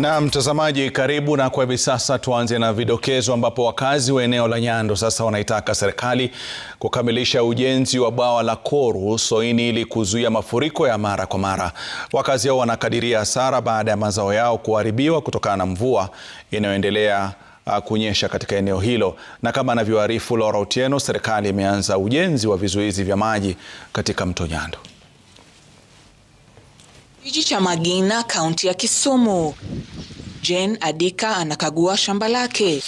Na mtazamaji, karibu na kwa hivi sasa, tuanze na vidokezo ambapo wakazi wa eneo la Nyando sasa wanaitaka serikali kukamilisha ujenzi wa bwawa la Koru Soini ili kuzuia mafuriko ya mara kwa mara. Wakazi hao wanakadiria hasara baada ya mazao yao kuharibiwa kutokana na mvua inayoendelea uh, kunyesha katika eneo hilo. Na kama anavyoarifu Laura Otieno, serikali imeanza ujenzi wa vizuizi vya maji katika mto Nyando. Kijiji cha Magina, kaunti ya Kisumu. Jane Adika anakagua shamba lake.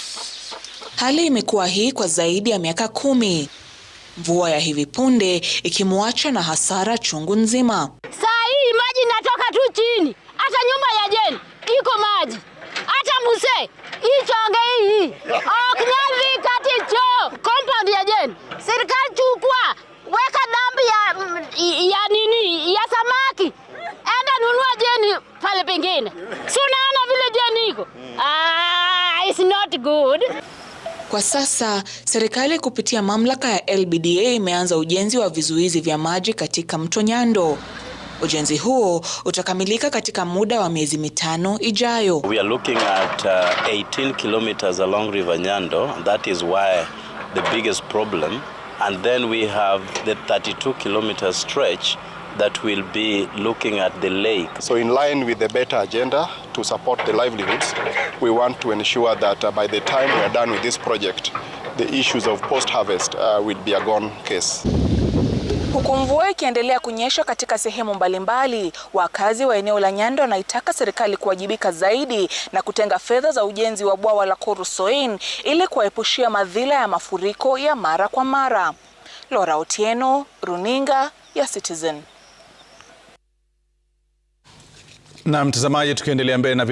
Hali imekuwa hii kwa zaidi ya miaka kumi, mvua ya hivi punde ikimwacha na hasara chungu nzima. Saa hii maji inatoka tu chini, hata nyumba ya Jane iko maji, hata muse ichonge hii oknavi kati cho compound ya Jane, serikali chukua weka dambi ya, ya nini ya samaki, enda nunua Jane pale pengine yako ah, it's not good. Kwa sasa serikali kupitia mamlaka ya LBDA imeanza ujenzi wa vizuizi vya maji katika mto Nyando. Ujenzi huo utakamilika katika muda wa miezi mitano ijayo. We are looking at uh, 18 kilometers along River Nyando that is why the biggest problem and then we have the 32 kilometer stretch that will be looking at the lake. So in line with the better agenda to support the livelihoods, we want to ensure that uh, by the time we are done with this project, the issues of post-harvest uh, will be a gone case. Huku mvua ikiendelea kunyesha katika sehemu mbalimbali, wakazi wa eneo la Nyando wanaitaka serikali kuwajibika zaidi na kutenga fedha za ujenzi wa bwawa la Korusoin ili kuwaepushia madhila ya mafuriko ya mara kwa mara. Laura Otieno, Runinga ya Citizen. Na mtazamaji, tukiendelea mbele na video